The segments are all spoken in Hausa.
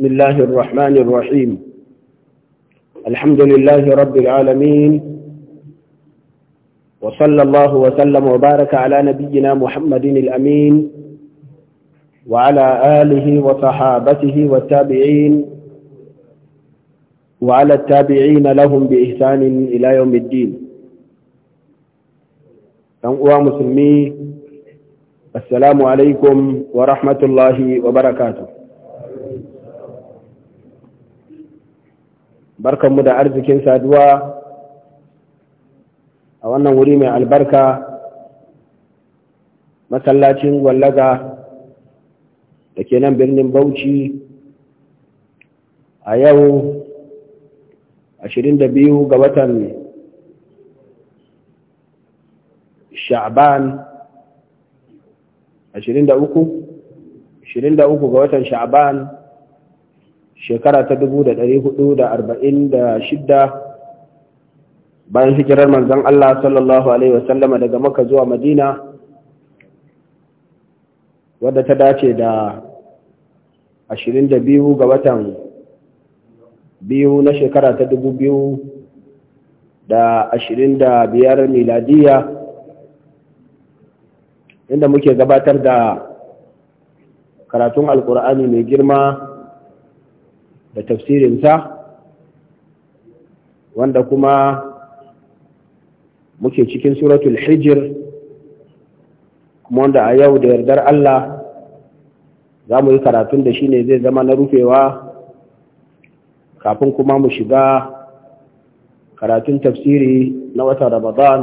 بسم الله الرحمن الرحيم الحمد لله رب العالمين وصلى الله وسلم وبارك على نبينا محمد الأمين وعلى آله وصحابته والتابعين وعلى التابعين لهم بإحسان إلى يوم الدين أنقوى مسلمي السلام عليكم ورحمة الله وبركاته barkanmu da arzikin saduwa a wannan wuri mai albarka masallacin gwallaga da ke nan birnin bauchi a yau 22 ga watan sha'ban 23 ga watan sha'ban shekara ta 446 bayan hijirar manzon Allah sallallahu alaihi wasallama daga maka zuwa Madina wadda ta dace da 22 ga watan biyu na shekara ta 2025 miladiya inda muke gabatar da karatun alkur'ani mai girma da tafsirinsa wanda kuma muke cikin suratul hijir kuma wanda a yau da yardar Allah za mu yi karatun da shi ne zai zama na rufewa kafin kuma mu shiga karatun tafsiri na watan ramadan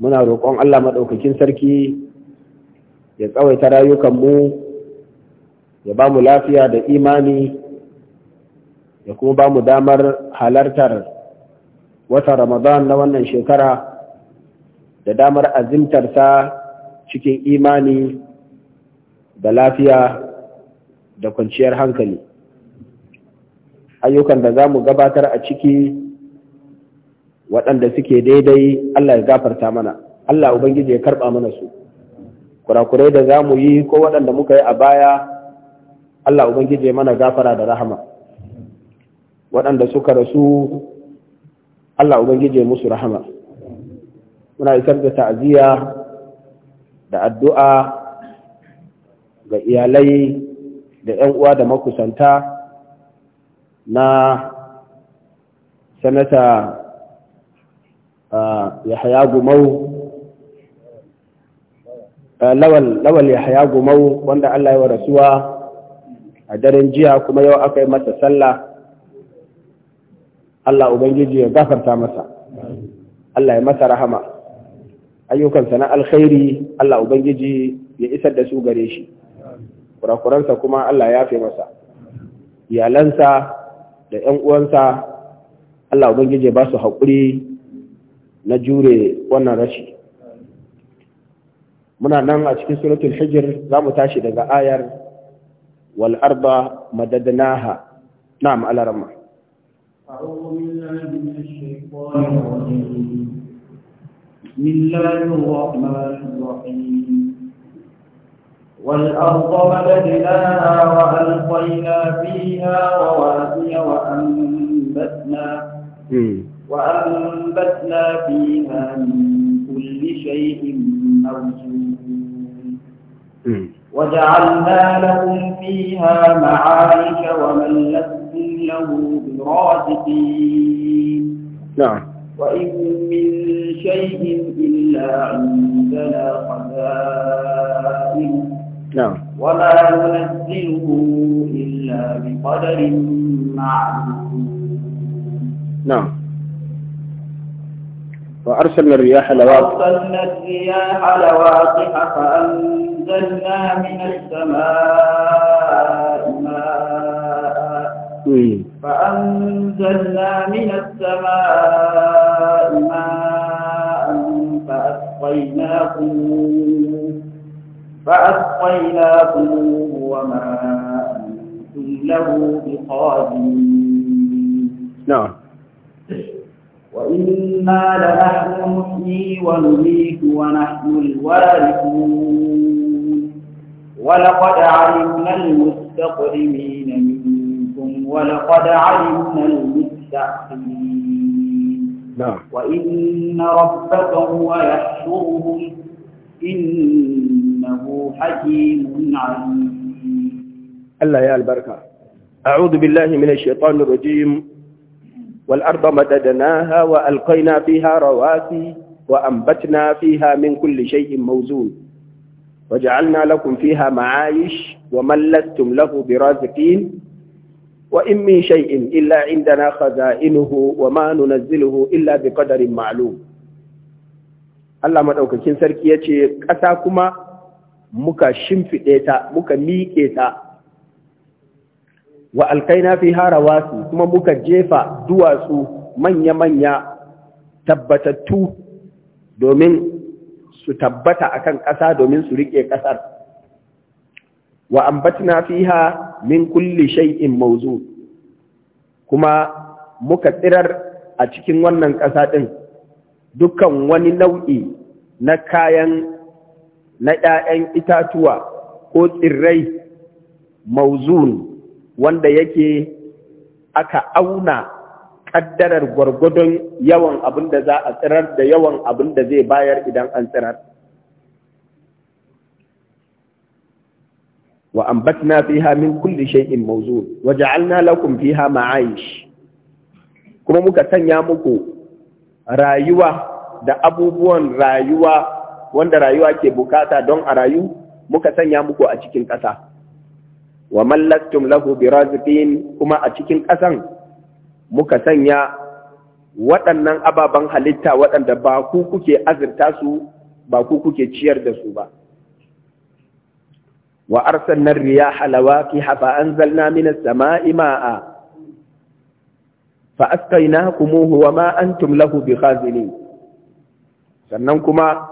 muna roƙon Allah maɗaukakin sarki ya tsawaita rayukanmu ya ba mu lafiya da imani ya kuma ba mu damar halartar wata ramadan na wannan shekara da damar azimtarsa cikin imani da lafiya da kwanciyar hankali ayyukan da za mu gabatar a ciki waɗanda suke daidai Allah ya gafarta mana Allah Ubangiji ya karɓa mana su kurakurai da za mu yi ko waɗanda muka yi a baya Allah Ubangiji ya mana gafara da rahama waɗanda suka rasu Allah Ubangiji musu rahama muna isar da ta'aziyya da addu'a ga iyalai da ‘yan uwa da makusanta na sanata uh, yahaya gumau uh, lawal yahaya gumau wanda Allah ya wa rasuwa a daren jiya kuma yau aka yi masa sallah Allah ubangiji ya gafarta masa Allah ya masa rahama ayyukansa na alkhairi Allah ubangiji ya isar da su gare shi kurakuransa kuma Allah ya fi masa iyalansa da ‘yan uwansa Allah ubangiji ba su haƙuri na jure wannan rashi muna nan a cikin suratul hijir za mu tashi daga ayar wal'arba madadnaha na alarama أعوذ بالله من الشيطان الرجيم بسم الله الرحمن الرحيم والأرض مددناها وألقينا فيها رواسي وأنبتنا وأنبتنا فيها من كل شيء موجود وجعلنا لكم فيها معايش ومن لكم إنه برازقين نعم وإن من شيء إلا عندنا خزائن نعم وما ننزله إلا بقدر معلوم نعم وأرسلنا الرياح لواقح وأرسلنا الرياح لواقح فأنزلنا من السماء إيه. فأنزلنا من السماء ماء فأسقيناكم فأسقيناكم وما أنتم له بخادمين نعم وإنا لنحن نحيي ونميت ونحن الوارثون ولقد علمنا المستقدمين منكم ولقد علمنا المستأخرين نعم وإن ربك هو يحشرهم إنه حكيم عليم الله يا البركة أعوذ بالله من الشيطان الرجيم والأرض مددناها وألقينا فيها رواسي وأنبتنا فيها من كل شيء موزون وجعلنا لكم فيها معايش ومن لستم له برازقين وإن من شيء إلا عندنا خزائنه وما illa إلا بقدر معلوم Allah maɗaukakin sarki ya ce, ƙasa kuma muka shimfiɗe ta, muka miƙe ta, wa alkaina fi hara wasu kuma muka jefa duwatsu manya-manya tabbatattu domin su tabbata akan ƙasa domin su riƙe ƙasar. wa ambatna fiha min kulli shay'in mawzu kuma muka tsirar a cikin wannan ƙasa ɗin dukkan wani nau'i na kayan na ‘ya'yan itatuwa ko tsirrai mauzun wanda yake aka auna ƙaddarar gwargwadon yawan abin da za a tsirar da yawan abin da zai bayar idan an tsirar. وأنبتنا فيها من كل شيء موزون وجعلنا لكم فيها معايش kuma muka sanya muku rayuwa da abubuwan rayuwa wanda rayuwa ke bukata don a rayu muka sanya muku a cikin ƙasa wa mallastum lahu biraziqin kuma a cikin ƙasan muka sanya waɗannan ababen halitta waɗanda ba ku kuke azurta su ba ku kuke ciyar da su ba wa arsalna riyaha lawaqiha fa anzalna minas sama'i ma'a fa asqaynakumuhu wa ma antum lahu sannan kuma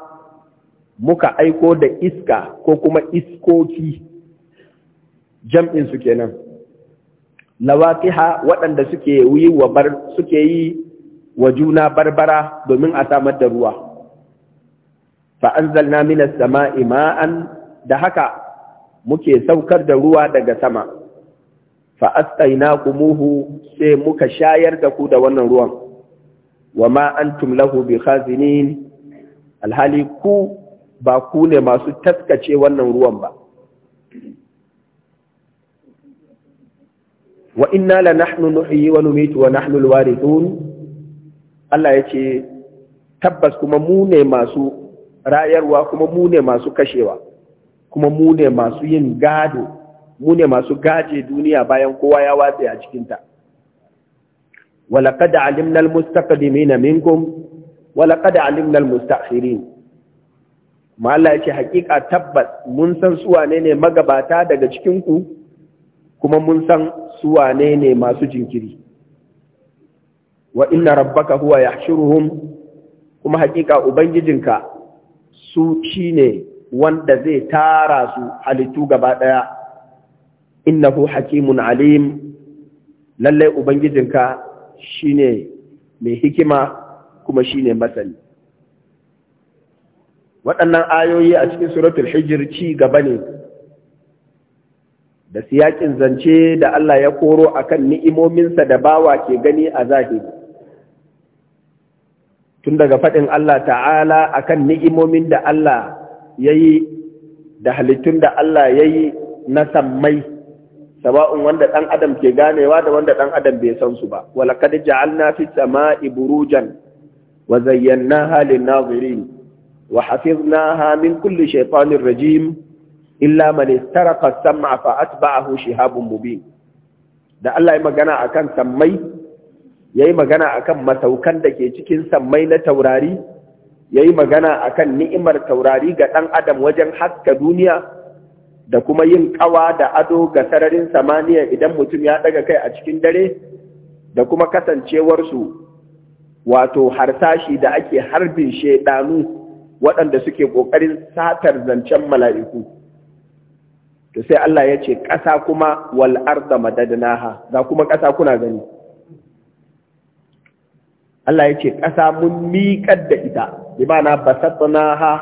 muka aiko da iska ko kuma iskoki jam'in su kenan Lawakiha waɗanda suke yi wa bar suke yi wa juna barbara domin a samar da ruwa fa anzalna minas sama'i ma'an da haka muke saukar da ruwa daga sama fa muhu sai muka shayar da ku da wannan ruwan wama antum lahu khazinin alhali ku ba ku ne masu taskace wannan ruwan ba wa inna la nahnu nuhyi wa numitu wa nahnu alwarithun Allah yace tabbas kuma mu ne masu rayarwa kuma mu ne masu kashewa kuma mu ne masu yin gado mu ne masu gaje duniya bayan kowa ya watsa a cikinta ولقد علمنا المستقدمين منكم ولقد علمنا المستأخرين ma Allah ya ce hakika tabbas mun san su wane ne magabata daga cikinku kuma mun san su wane ne masu jinkiri wa inna rabbaka huwa yahshuruhum kuma hakika ubangijinka su shine wanda zai tara su halittu gaba ɗaya innahu hakimun alim lallai ubangijinka ne mai hikima kuma shi ne masani waɗannan ayoyi a cikin suratul hijir ci gaba ne da siyakin zance da Allah ya koro a kan ni'imominsa da bawa ke gani a zahiri tun daga faɗin Allah ta'ala akan ni'imomin da Allah ya yi da halittun da Allah ya yi na sammai sawa'un wanda ɗan adam ke ganewa da wanda ɗan adam bai san su ba walaqad ja'alna fi sama'i burujan wa zayyanaha lin-nazirin wa na min kulli shaytanir rajim illa man istaraqa as-sam'a fa atba'ahu habun mubin da Allah ya magana kan sammai yayi magana akan masaukan da ke cikin sammai na taurari ya yi magana a kan ni'imar taurari ga ɗan adam wajen haska duniya da kuma yin ƙawa da ado ga sararin samaniya idan mutum ya ɗaga kai a cikin dare da kuma kasancewarsu wato harsashi da ake harbin shaidanu waɗanda suke ƙoƙarin satar zancen mala'iku. To sai Allah ya ce, ƙasa kuma wal'arda madadnaha, za kuma ƙasa kuna gani. Allah ya ce, ƙasa mun miƙar da ita. bi ma'ana ha,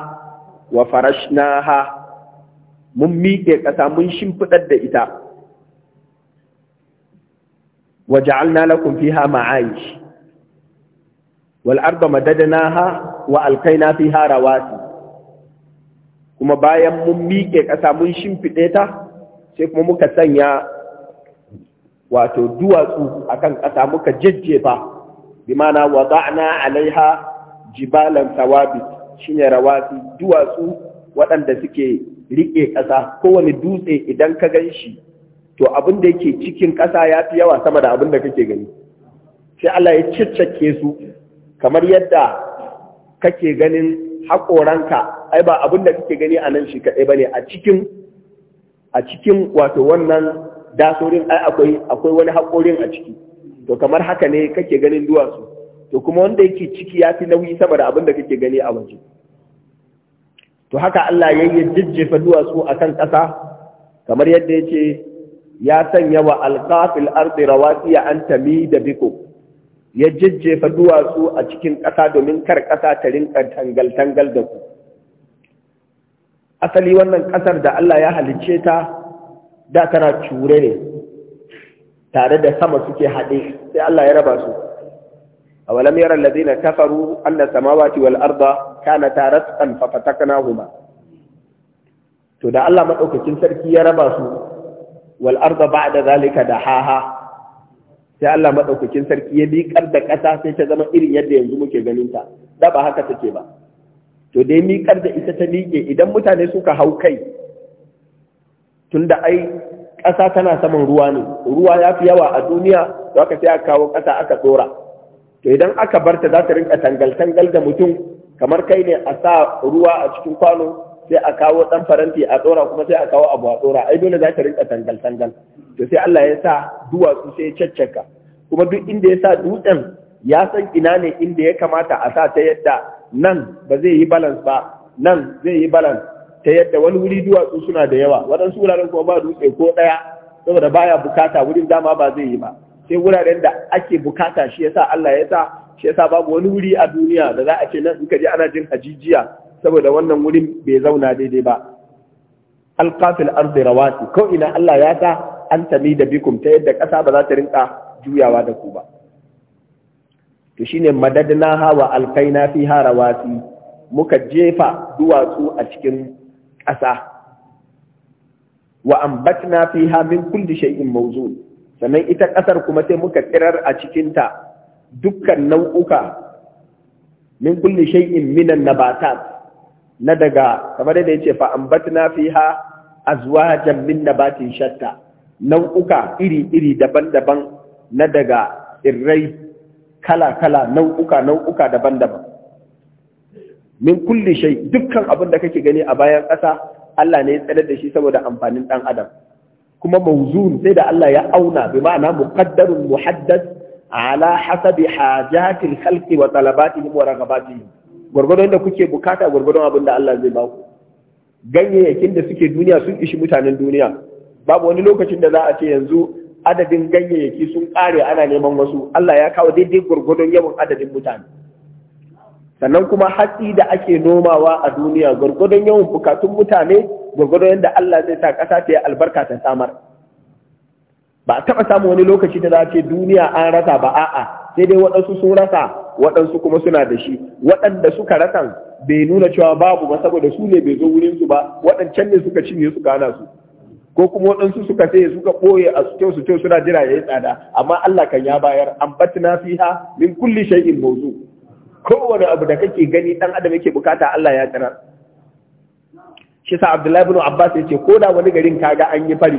wa ha, mun miƙe ƙasa mun shimfiɗar da ita wa ja'alna lakum fiha ma'ayish wal arda madadnaha wa alqayna fiha rawasi kuma bayan mun miƙe ƙasa mun shimfiɗe ta sai kuma muka sanya wato duwatsu akan ƙasa muka jajjefa bi ma'ana wada'na alaiha jibalan sawabi shine rawasi duwatsu waɗanda suke riƙe ƙasa kowane dutse idan ka gan shi to abin da yake cikin ƙasa ya fi yawa sama da abin da kake gani sai Allah ya ciccake su kamar yadda kake ganin hakoranka. ai ba abin da kake gani a nan shi kaɗai bane. ne a cikin a cikin wato wannan dasorin ai akwai akwai wani hakorin a ciki to kamar haka ne kake ganin duwatsu to kuma wanda yake ciki ya fi nauyi saboda abin da kake gani a waje to haka Allah ya yi jijjefa duwatsu a kan ƙasa kamar yadda ya ce ya sanya wa alƙafil ardi rawasiya an tami da biko ya jijjefa duwatsu a cikin ƙasa domin kar ƙasa ta rinƙa tangal-tangal da ku asali wannan ƙasar da Allah ya halicce ta da tana ture ne tare da sama suke haɗe sai Allah ya raba su أولم يرى الذين كفروا أن السماوات والأرض كانتا رتقا ففتقناهما to da Allah maɗaukakin sarki ya raba su wal arda ba'da zalika haha, sai Allah maɗaukakin sarki ya miƙar da ƙasa sai ta zama irin yadda yanzu muke ganin ta da ba haka take ba to dai miƙar da ita ta miƙe idan mutane suka hau kai tunda ai ƙasa tana saman ruwa ne ruwa ya fi yawa a duniya to aka sai aka kawo ƙasa aka tsora to idan aka barta za ta rinka tangal-tangal da mutum kamar kai ne a sa ruwa a cikin kwano sai a kawo ɗan faranti a ɗora kuma sai a kawo abu a ɗora ai dole za ta rinka tangal-tangal to sai Allah ya sa duwatsu sai ya caccaka kuma duk inda ya sa dutsen ya san ina ne inda ya kamata a sa ta yadda nan ba zai yi balance ba nan zai yi balance ta yadda wani wuri duwatsu suna da yawa waɗansu wuraren kuma ba dutse ko ɗaya saboda baya bukata wurin dama ba zai yi ba sai wuraren da ake bukata shi yasa Allah ya sa shi yasa babu wani wuri a duniya da za a ce nan in ka ana jin hajijiya saboda wannan wurin bai zauna daidai ba alqafil ardi rawati ko ina Allah ya sa an tami da bikum ta yadda kasa ba za ta rinka juyawa da ku ba to shine madadna hawa alqaina fiha rawati muka jefa duwatsu a cikin ƙasa wa ambatna fiha min kulli shay'in mawzun sannan ita ƙasar kuma sai muka tsirar a cikinta dukkan nau'uka min kulli shay'in minan nabatat na daga kamar da yace fa ambatna fiha azwajan min nabatin shatta nau'uka iri-iri daban-daban na daga tsirrai kala-kala nau'uka nau'uka daban-daban min kulli shay dukkan abin da kake gani a bayan ƙasa Allah ne ya tsare da shi saboda amfanin ɗan adam kuma mauzun sai da Allah ya auna bi ma'ana muqaddarun muhaddad ala hasabi hajatil khalqi wa talabatihim wa ragabatihim gurgurdon da kuke bukata gurgurdon abin da Allah zai ba ku ganyayyakin da suke duniya sun ishi mutanen duniya babu wani lokacin da za a ce yanzu adadin ganyayyaki sun kare ana neman wasu Allah ya kawo daidai gurgurdon yawan adadin mutane sannan kuma hatsi da ake nomawa a duniya gwargwadon yawan bukatun mutane gwargwadon yadda Allah zai sa ƙasa ta yi albarka ta samar ba a taɓa samun wani lokaci da za ce duniya an rasa ba a'a sai dai waɗansu sun rasa waɗansu kuma suna da shi waɗanda suka rasan bai nuna cewa babu ba saboda su ne bai zo wurin su ba waɗancan ne suka cinye su gana su ko kuma waɗansu suka sai suka ɓoye a su kyau su kyau suna jira ya yi tsada amma Allah kan ya bayar an batina fiha min kulli shay'in mawzu' kowane abu da kake gani dan adam yake bukata Allah ya tsara shi sa Abdullahi ibn Abbas yace ko da wani garin kaga an yi fari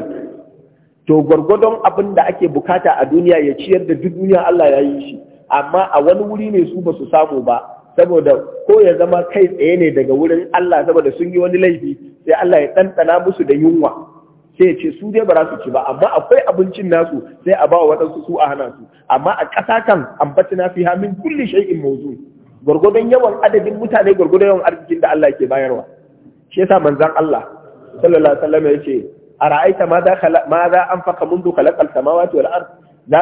to gwargwadon abin da ake bukata a duniya ya ciyar da duk duniya Allah ya yi shi amma a wani wuri ne su ba su samu ba saboda ko ya zama kai tsaye ne daga wurin Allah saboda sun yi wani laifi sai Allah ya ɗanɗana musu da yunwa sai ya ce su dai ba za su ci ba amma akwai abincin nasu sai a ba wa waɗansu su a hana su amma a ƙasa kan ambatina fi hamin kulli shay'in mawzu' gwargwadon yawan adadin mutane gwargwadon yawan arzikin da Allah ke bayarwa shi yasa manzon Allah sallallahu alaihi wasallam yace ara'aita ma za ma za anfaqa mundu khalaqal samawati wal ard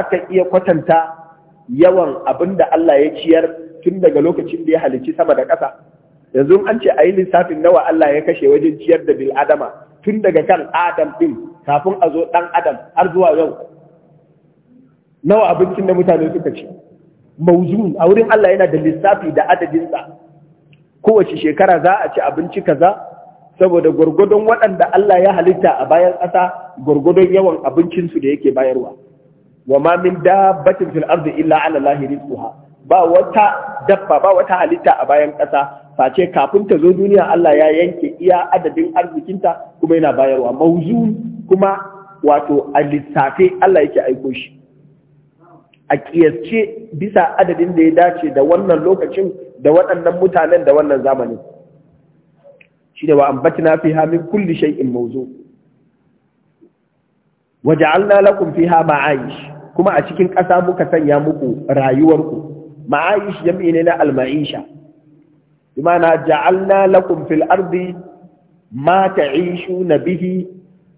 ka iya kwatanta yawan abinda Allah ya ciyar tun daga lokacin da ya halicci sama da ƙasa yanzu an ce a yi lissafin nawa Allah ya kashe wajen ciyar da bil adama tun daga kan adam ɗin kafin a zo dan adam har zuwa yau nawa abincin da mutane suka ci mawzun a wurin Allah yana da lissafi da adadinsa kowace shekara za a ci abinci kaza saboda gwargwadon waɗanda Allah ya halitta a bayan ƙasa gwargwadon yawan abincinsu da yake bayarwa wa ma min dabbatin fil ardi illa ala lahi rizquha ba wata dabba ba wata halitta a bayan ƙasa face kafin ta zo duniya Allah ya yanke iya adadin arzikinta kuma yana bayarwa mawzun kuma wato a lissafe Allah yake aiko shi a ƙiyasce bisa adadin da ya dace da wannan lokacin da waɗannan mutanen da wannan zamanin shi da wa na fi min kulli Waje al'na waja'alna fi hama ma'aish kuma a cikin ƙasa muka sanya muku rayuwarku ma'aish jam'i ne na al-ma'isha al'na ja'alna lakum fi ardi ma na bihi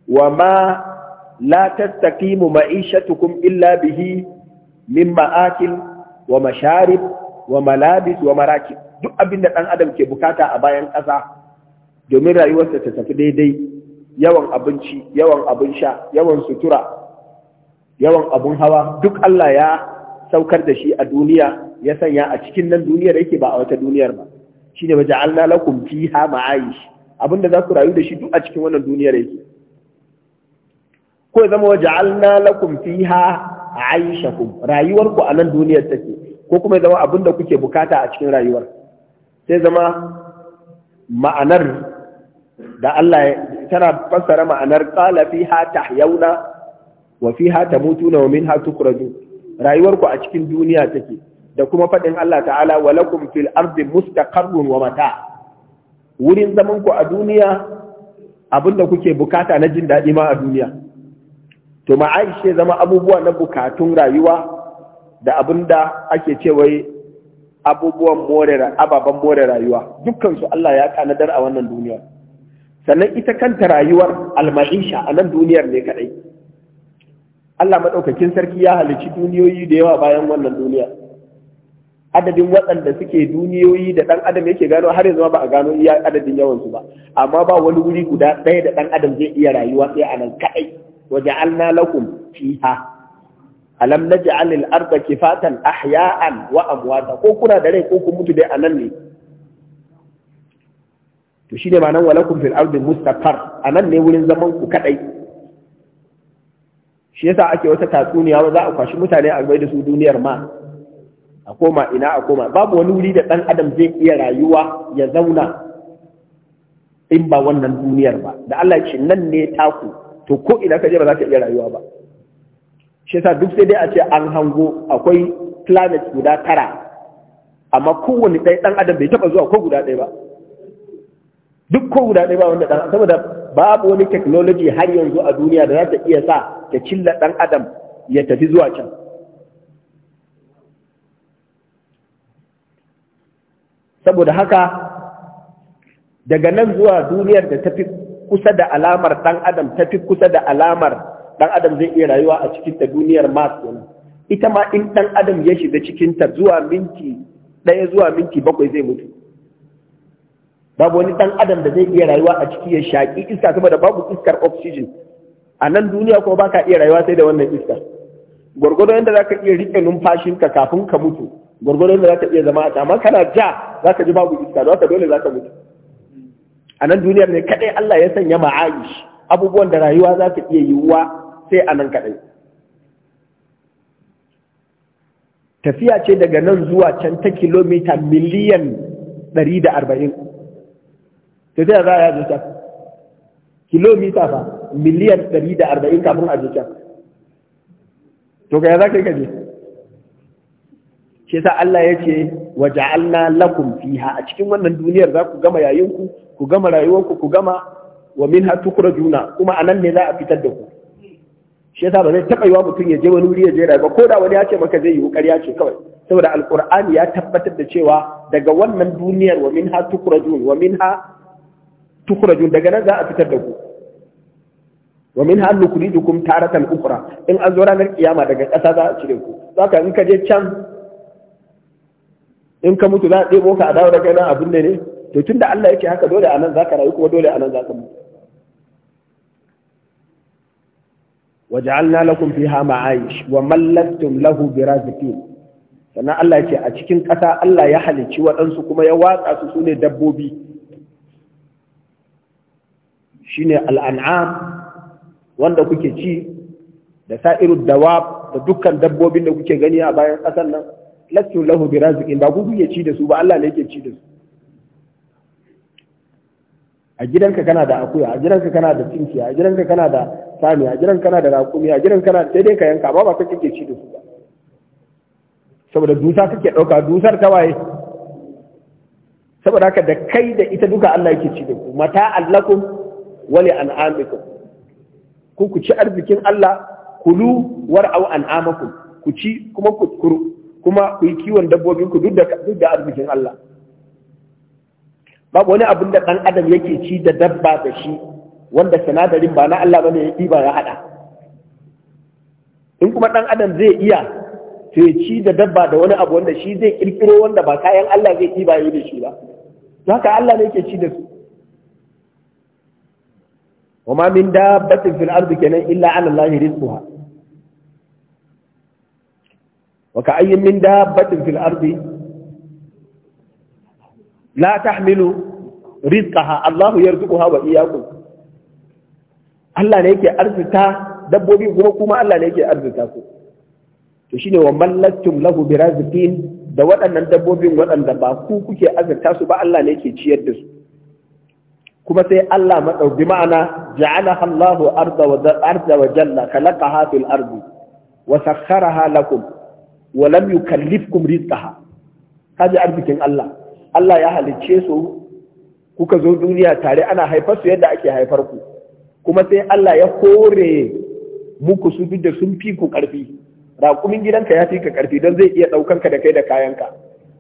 wa ma la tastaqimu ma'ishatukun illa bihi min ma'akil wa masharib wa malabis wa marakib duk abin da ɗan adam ke bukata a bayan kasa domin rayuwarsa ta tafi daidai yawan abinci yawan abin sha yawan sutura yawan abin hawa duk Allah ya saukar da shi a duniya ya sanya a cikin nan duniyar yake ba a wata duniyar ba shine waja'alna lakum fiha ma'ayish abinda za ku rayu da shi duk a cikin wannan duniyar yake ko ya zama waja'alna lakum fiha aishakum rayuwarku a nan duniyar take ko kuma zama abin da kuke bukata a cikin rayuwar sai zama ma'anar da Allah tana fassara ma'anar qala fiha tahyauna wa fiha tamutuna wa minha tukhrajun rayuwarku a cikin duniya take da kuma faɗin Allah ta'ala wa lakum fil ardi mustaqarrun wa mata wurin zaman ku a duniya abinda kuke bukata na jin daɗi ma a duniya to ma ya zama abubuwa na bukatun rayuwa da abinda da ake cewai abubuwan more ababen more rayuwa dukkansu Allah ya kanadar a wannan duniyar sannan ita kanta rayuwar alma'isha a nan duniyar ne kadai Allah maɗaukakin sarki ya halici duniyoyi da yawa bayan wannan duniya adadin waɗanda suke duniyoyi da ɗan adam yake gano har yanzu ba a gano iya adadin yawansu ba amma ba wani wuri guda ɗaya da ɗan adam zai iya rayuwa sai a nan kaɗai وجعلنا لكم فيها alam naj'al al-ardha kifatan ahya'an wa amwata ko kuna da rai ko ku mutu dai anan ne to shine ma'anar walakum fil ardi mustaqar anan ne wurin zaman ku kadai shi yasa ake wata tatsuniya za a kwashi mutane a bai da su duniyar ma a koma ina a koma babu wani wuri da dan adam zai iya rayuwa ya zauna in ba wannan duniyar ba da Allah ya ce nan ne taku to ko ina ka je ba za ka iya rayuwa ba shi yasa duk sai dai a ce an hango akwai planet guda tara amma kowane ɗaya ɗan adam bai taɓa zuwa ko guda ɗaya ba duk ko guda ɗaya ba wanda ɗan saboda babu wani technology har yanzu a duniya da za ta iya sa ta cilla ɗan adam ya tafi zuwa can saboda haka daga nan zuwa duniyar da ta fi kusa da alamar dan adam ta fi kusa da alamar ɗan adam zai iya rayuwa a cikin ta duniyar mars ita ma in ɗan adam ya shiga cikin ta zuwa minti ɗaya zuwa minti bakwai zai mutu babu wani ɗan adam da zai iya rayuwa a ciki ya shaƙi iska saboda babu iskar oxygen a nan duniya kuma baka iya rayuwa sai da wannan iska. gwargwadon yadda zaka iya riƙe numfashinka kafin ka mutu gwargwadon yadda zaka iya zama a amma kana ja zaka ji babu iska don haka dole zaka mutu a nan duniyar ne kadai Allah ya sanya ma'aish abubuwan da rayuwa za su iya yiwuwa sai a nan kadai tafiya ce daga nan zuwa can ta kilomita miliyan 140 tafiya za a yi can kilomita fa miliyan 140 kafin a can to ga ya za ka yi gaje shi yasa Allah ya ce wa ja'alna lakum fiha a cikin wannan duniyar za ku gama yayin ku ku gama rayuwarku ku gama wa min kura juna kuma anan ne za a fitar da ku shi yasa ba zai taba yiwa mutum ya je wani wuri ya je rayuwa ko da wani ya ce maka zai yi ƙarya ce kawai saboda alqur'ani ya tabbatar da cewa daga wannan duniyar wa min kura juna, wa min ha juna, daga nan za a fitar da ku wa min hannu kuri dukum taratan ukura in an zo ranar kiyama daga ƙasa za a cire ku ka in ka je can in ka mutu za a ɗebo ka a dawo da kai nan abin ne to da Allah yake haka dole anan zaka rayu kuma dole anan zaka mutu waja'alna lakum fiha ma'aish wa mallattum lahu biraziqin sannan Allah yake a cikin ƙasa Allah ya halicci waɗansu kuma ya watsa su sune dabbobi shine al'an'am wanda kuke ci da sa'irud dawab da dukkan dabbobin da kuke gani a bayan ƙasar nan lattum lahu biraziqin ba ku kuke ci da su ba Allah ne yake ci da su a gidanka kana da akuya a gidanka kana da tsinki a gidanka kana da sami a gidanka kana da raƙumi a gidanka kana sai dai ka yanka ba ba ka kake ci da su ba saboda dusa kake ɗauka dusar ta waye saboda haka da kai da ita duka Allah yake ci da ku mata allakum wali an'amikum ku ku ci arzikin Allah kulu war'au an'amakum ku ci kuma ku kuma ku yi kiwon dabbobin ku duk da duk da arzikin Allah babu wani abin da ɗan adam yake ci da dabba da shi wanda sinadarin ba na Allah bane ya ɗiba ya haɗa in kuma ɗan adam zai iya to ya ci da dabba da wani abu wanda shi zai ƙirƙiro wanda ba kayan Allah zai ɗiba ya yi da shi ba to haka Allah ne yake ci da su وما من دابة في الأرض كان إلا على الله رزقها وكأي من دابة في الأرض la tahmilu rizqaha Allahu yarzuquha wa iyyakum Allah ne yake arzuta dabbobi kuma kuma Allah ne yake arzuta ku to shine wa mallatum lahu birazqin da waɗannan dabbobin waɗanda ba ku kuke azurta su ba Allah ne ke ciyar da su kuma sai Allah madauki ma'ana ja'alaha Allahu arda wa arda wa jalla khalaqaha fil ardi wa sakhkharaha lakum wa lam yukallifkum rizqaha kaji arzikin Allah Allah ya halicce su kuka zo duniya tare ana haifar su yadda ake haifar ku kuma sai Allah ya kore muku su duk da sun fi ku karfi raƙumin gidanka ya fi ka karfi don zai iya ɗaukan ka da kai da kayanka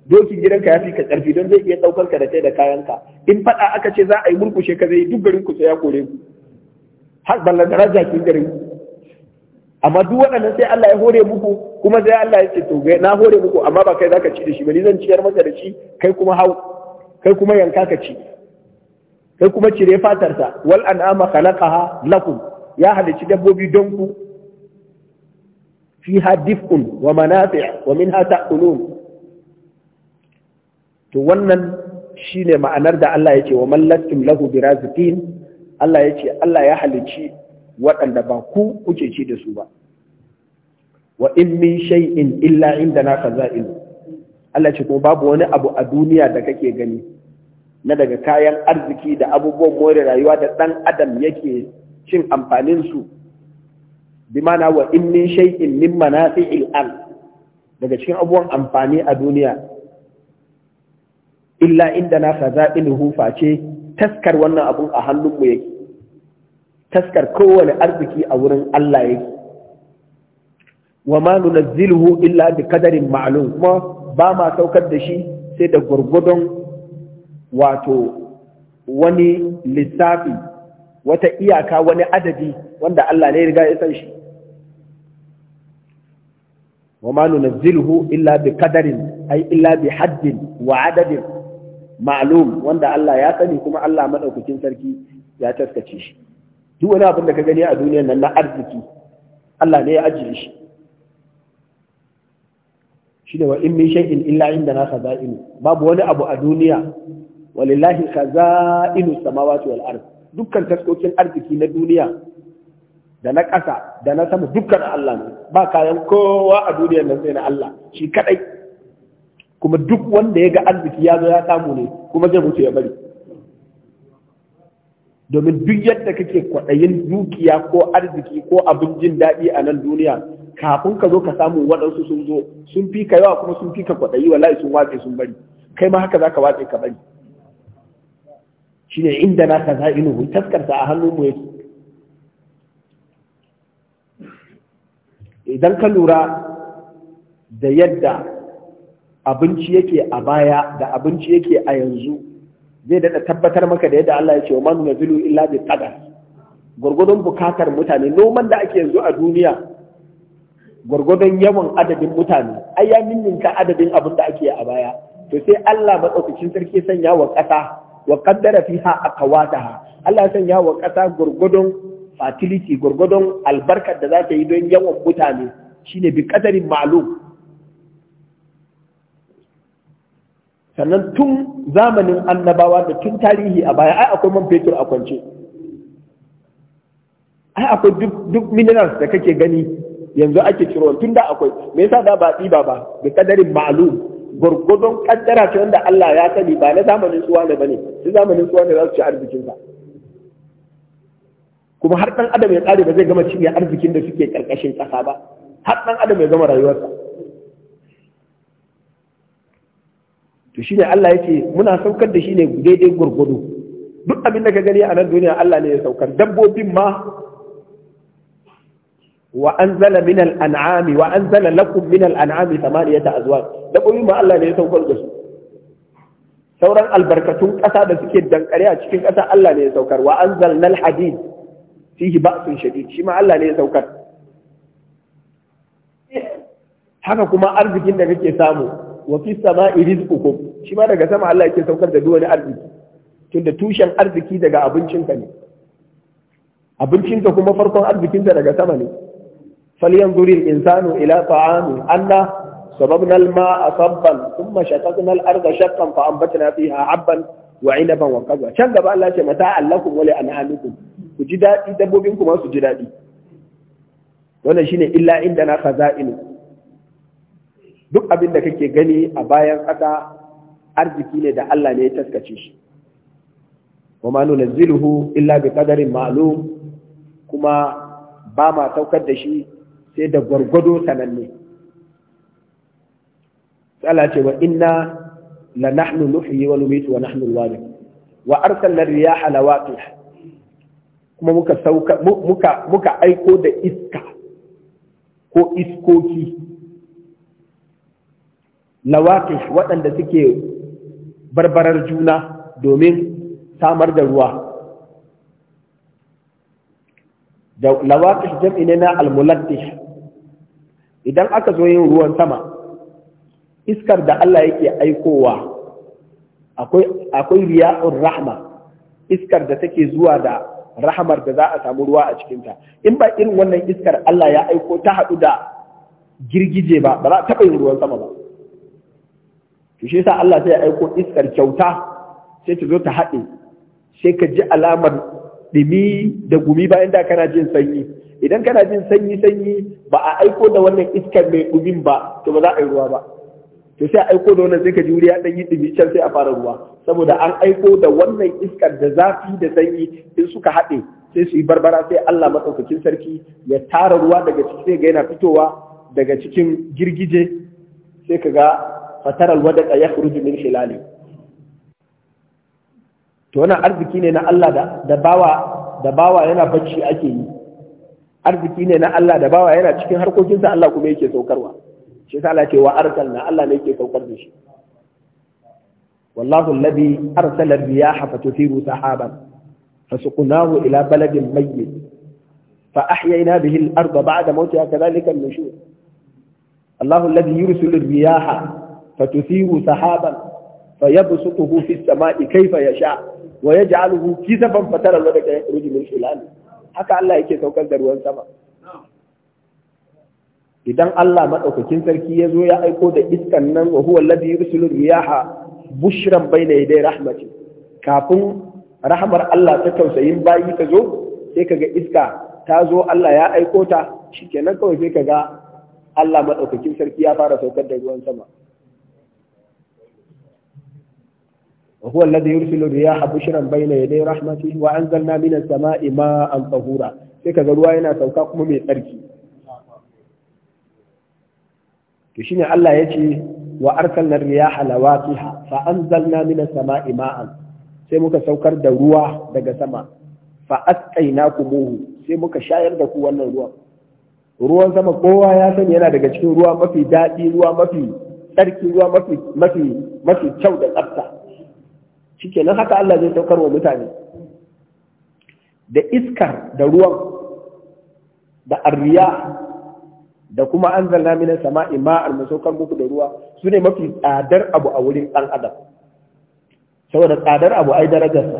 dokin gidanka ya fi ka karfi don zai iya ɗaukan ka da kai da kayanka in faɗa aka ce za a yi murkushe ka zai duk garin ku sai ya kore ku har ballan daraja kin garin ku amma duk waɗannan sai Allah ya hore muku kuma sai Allah ya ce to na hore muku amma ba kai zaka ci da shi ba ni zan ciyar maka da shi kai kuma hau kai kuma yanka ka ci kai kuma cire fatarsa wal an'ama khalaqaha lakum ya halici dabbobi don ku fiha dif'un wa manafi' wa minha ta'kulun to wannan shine ma'anar da Allah yake wa mallakum lahu birazqin Allah ya ce Allah ya halici waɗanda ba ku kuke ci da su ba wa in min shay'in illa indana khaza'in Allah ce kuma babu wani abu a duniya da kake gani na daga kayan arziki da abubuwan more rayuwa da ɗan adam yake cin amfanin su bi mana wa in min shay'in min manafi'il al daga cikin abubuwan amfani a duniya illa inda na faza inuhu face taskar wannan abun a hannunmu yake taskar kowane arziki a wurin Allah yake wa ma nunazziluhu illa bi qadarin ma'lum kuma ba ma saukar da shi sai da gurgudun wato wani lissafi wata iyaka wani adadi wanda Allah ne riga ya san shi wa ma nunazziluhu illa bi qadarin ay illa bi haddin wa adadin ma'lum wanda Allah ya sani kuma Allah madaukakin sarki ya taskace shi duk wani abin da ka gani a duniyar nan na arziki Allah ne ya ajiye shi shi da wa in min shay'in illa indana khaza'in babu wani abu a duniya walillahi khaza'inus samawati wal ard dukkan taskokin arziki na duniya da na ƙasa da na sama dukkan Allah ne ba kayan kowa a duniyar nan sai na Allah shi kadai kuma duk wanda ya ga arziki ya zo ya samu ne kuma zai mutu ya bari domin duk yadda kake kwaɗayin dukiya ko arziki ko abin jin daɗi a nan duniya kafin ka zo ka samu waɗansu sun zo sun fi ka yawa kuma sun fi ka kwaɗayi wallahi sun watse sun bari kai ma haka za ka watse ka bari shine inda na kaza hu taskarsa a hannun mu yake idan ka lura da yadda abinci yake a baya da abinci yake a yanzu zai daɗa tabbatar maka da yadda Allah ya ce wa man nazilu illa bi qadar gurgudun bukatar mutane noman da ake yanzu a duniya gurgudun yawan adadin mutane ai ya ninninka adadin abin da ake a baya to sai Allah madaukakin sarki sanya wa ƙasa wa qaddara fiha aqwataha Allah sanya wa ƙasa gurgudun fertility gurgudun albarkar da za ta yi don yawan mutane shine bi qadarin ma'lum sannan tun zamanin annabawa da tun tarihi a baya ai akwai man fetur a kwance ai akwai duk minerals da kake gani yanzu ake ciro tun da akwai me yasa da ba tsiba ba da kadarin ma'lum gurgudun kaddara ce wanda Allah ya sani ba na zamanin suwa ne bane shi zamanin suwa ne za su ci arzikin sa kuma har dan adam ya tsare ba zai gama cinye arzikin da suke karkashin kasa ba har dan adam ya gama rayuwarsa to shi ne Allah yake muna saukar da shi ne daidai gurgudu duk abin da ka gani a nan duniya Allah ne ya saukar dabbobin ma wa anzala min al-an'ami wa anzala lakum min al-an'ami thamaniyata azwaj dabbobin ma Allah ne ya saukar da su sauran albarkatun ƙasa da suke dankare a cikin ƙasa Allah ne ya saukar wa anzalna al-hadid fihi ba'sun shadid shi ma Allah ne ya saukar haka kuma arzikin da kake samu wa fi sama'i rizqukum daga sama Allah yake saukar da duwani arziki tunda tushen arziki daga abincinka ne abincinka kuma farkon arzikinka daga sama ne falyanzuril insanu ila ta'ami anna sababna al-ma'a sabban thumma shaqaqna al-ardha shaqqan fa anbatna fiha habban wa 'inaban wa kadha can gaba Allah ce mata allakum wa an'amukum ku ji dadi dabbobin ku ma su ji daɗi. wannan shine illa inda na kaza khaza'inu duk abin da kake gani a bayan ƙasa arziki ne da Allah ne ya taskace shi wa ma nunzilu illa bi qadarin ma'lum kuma ba ma saukar da shi sai da gwargwado sananne Allah ce wa inna la nahnu nuhyi wa numitu wa nahnu al-warith wa arsalna riyaha lawaqih kuma muka sauka muka muka aiko da iska ko iskoki lawaqish waɗanda suke barbarar juna domin samar da ruwa da lawaqish jam'i ne na almulattish idan aka zo yin ruwan sama iskar da Allah yake aikowa akwai riya'un rahma iskar da take zuwa da rahmar da za a samu ruwa a cikinta in ba irin wannan iskar Allah ya aiko ta haɗu da girgije ba ba za a taɓa yin ruwan sama ba to shi yasa Allah sai ya aiko iskar kyauta sai ta zo ta haɗe sai ka ji alamar dimi da gumi bayan da kana jin sanyi idan kana jin sanyi sanyi ba a aiko da wannan iskar mai dumin ba to ba za a yi ruwa ba to sai a aiko da wannan sai ka ji wuri ya dan yi dumi can sai a fara ruwa saboda an aiko da wannan iskar da zafi da sanyi in suka haɗe sai su yi barbara sai Allah madaukakin sarki ya tara ruwa daga ciki sai ga yana fitowa daga cikin girgije sai ka ga fataral wadaka yakhruju min shilali to wannan arziki ne na Allah da bawa da bawa yana bacci ake yi arziki ne na Allah da bawa yana cikin harkokinsa Allah kuma yake saukarwa shi yasa Allah ce wa arsalna Allah ne yake saukar da shi والله الذي أرسل الرياح فتثير سحابا فسقناه إلى بلد ميت فأحيينا به الأرض بعد موتها كذلك النشور الله الذي يرسل الرياح فتثير سحابا sama'i kaifa السماء sha يشاء ويجعله كسفا فترى الودك يخرج من خلاله haka Allah yake saukar da ruwan sama idan Allah madaukakin sarki ya zo ya aiko da iskan nan wa huwa alladhi yursilu riyaha bushran bayna yaday rahmati kafin rahmar Allah ta tausayin bayi ta zo sai kaga iska ta zo Allah ya aiko ta shikenan kawai sai kaga Allah madaukakin sarki ya fara saukar da ruwan sama وهو الذي يرسل الرياح بشرا بين يدي رحمته وأنزلنا من السماء ماء طهورا sai kaga ruwa yana sauka kuma mai tsarki to shine Allah ya ce wa arsalna riyaha lawaqiha fa anzalna minas sama'i ma'an sai muka saukar da ruwa daga sama fa asqaynakumuhu sai muka shayar da ku wannan ruwan ruwan sama kowa ya sani yana daga cikin ruwa mafi dadi, ruwa mafi tsarki ruwa mafi mafi mafi kyau da tsafta nan haka Allah zai saukar wa mutane da iskar da ruwan da arriya da kuma an zanna minan sama'i ma'ar musaukar saukar muku da ruwa su ne mafi tsadar abu a wurin ɗan adam saboda tsadar abu ai darajarsa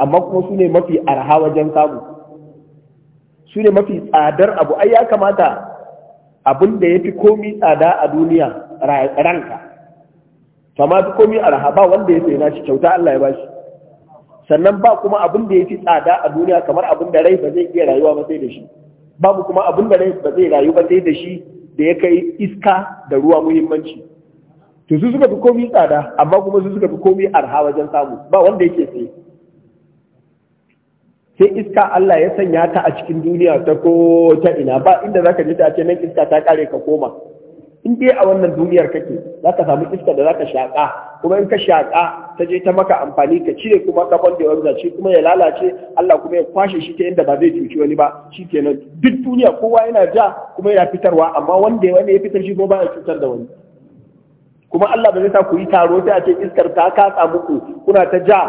amma kuma su ne mafi arha wajen samu su ne mafi tsadar abu ai ya kamata abin da ya fi komi tsada a duniya ranka fama fi komi arha ba wanda ya sayi shi kyauta Allah ya bashi sannan ba kuma abin da ya fi tsada a duniya kamar abin da rai ba zai iya rayuwa ba sai da shi babu kuma abin da rai ba zai rayu ba sai da shi da ya kai iska da ruwa muhimmanci to su suka fi komi tsada amma kuma su suka fi komi arha wajen samu ba wanda yake sai sai iska Allah ya sanya ta a cikin duniya ta ko ta ina ba inda zaka ji ta ce nan iska ta kare ka koma in dai a wannan duniyar kake za ka samu iska da za ka shaƙa kuma in ka shaƙa ta je ta maka amfani ka cire kuma carbon dioxide shi kuma ya lalace Allah kuma ya kwashe shi ta yadda ba zai cuci wani ba shi kenan duk duniya kowa yana ja kuma yana fitarwa amma wanda ya wani ya fitar shi kuma ba ya cutar da wani kuma Allah ba zai sa ku yi taro sai a ce iskar ta katsa muku kuna ta ja